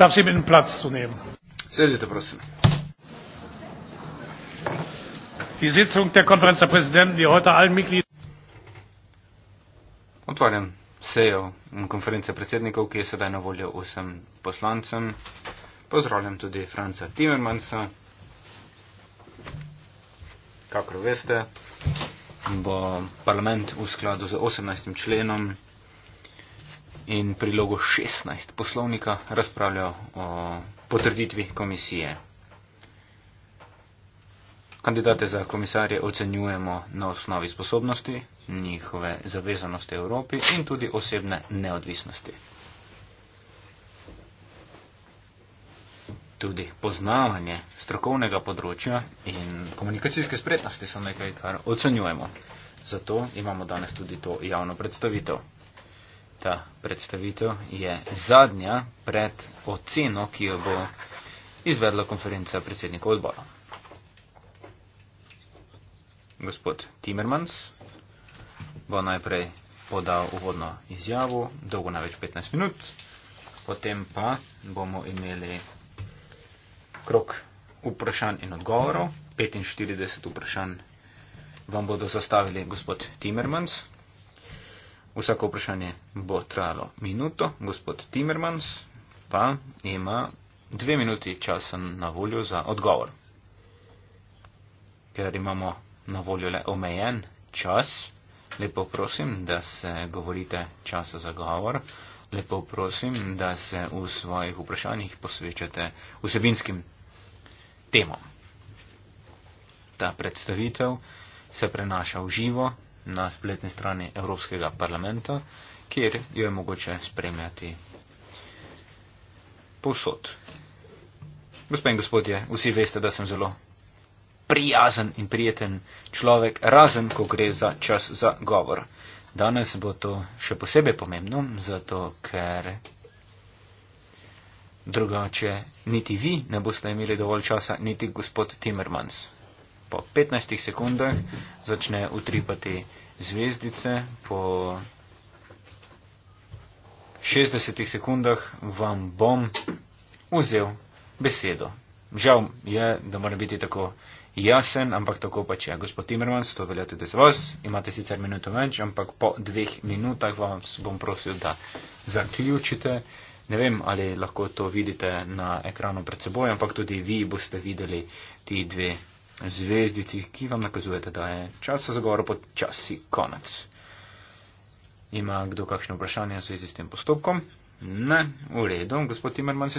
Darf Sie bitten, Platz zu nehmen. Sedite, prosim. Die Sitzung der Konferenz der Präsidenten, die heute allen Mitgliedern. Otvarjam sejo konference predsednikov, ki je sedaj na voljo vsem poslancem. Pozdravljam tudi Franca Timmermansa. Kakor veste, bo parlament v skladu z 18. členom in prilogo 16 poslovnika razpravljal o potrditvi komisije. Kandidate za komisarje ocenjujemo na osnovi sposobnosti, njihove zavezanosti Evropi in tudi osebne neodvisnosti. Tudi poznavanje strokovnega področja in komunikacijske spretnosti so nekaj, kar ocenjujemo. Zato imamo danes tudi to javno predstavitev ta predstavitev je zadnja pred oceno, ki jo bo izvedla konferenca predsednikov odbora. Gospod Timmermans bo najprej podal uvodno izjavo, dolgo največ 15 minut, potem pa bomo imeli krok vprašanj in odgovorov, 45 vprašanj vam bodo zastavili gospod Timmermans, Vsako vprašanje bo trajalo minuto. Gospod Timmermans pa ima dve minuti časa na voljo za odgovor. Ker imamo na voljo le omejen čas, lepo prosim, da se govorite časa za govor. Lepo prosim, da se v svojih vprašanjih posvečate vsebinskim temom. Ta predstavitev se prenaša v živo na spletni strani Evropskega parlamenta, kjer jo je mogoče spremljati povsod. Gospe in gospodje, vsi veste, da sem zelo prijazen in prijeten človek, razen ko gre za čas za govor. Danes bo to še posebej pomembno, zato ker drugače niti vi ne boste imeli dovolj časa, niti gospod Timmermans po 15 sekundah začne utripati zvezdice, po 60 sekundah vam bom vzel besedo. Žal je, da mora biti tako jasen, ampak tako pač je. Gospod Timmermans, to velja tudi za vas, imate sicer minuto več, ampak po dveh minutah vas bom prosil, da zaključite. Ne vem, ali lahko to vidite na ekranu pred seboj, ampak tudi vi boste videli ti dve zvezdici, ki vam nakazujete, da je čas za govor pod časi konec. Ima kdo kakšno vprašanje v zvezi s tem postopkom? Ne, v redu, gospod Timerman se z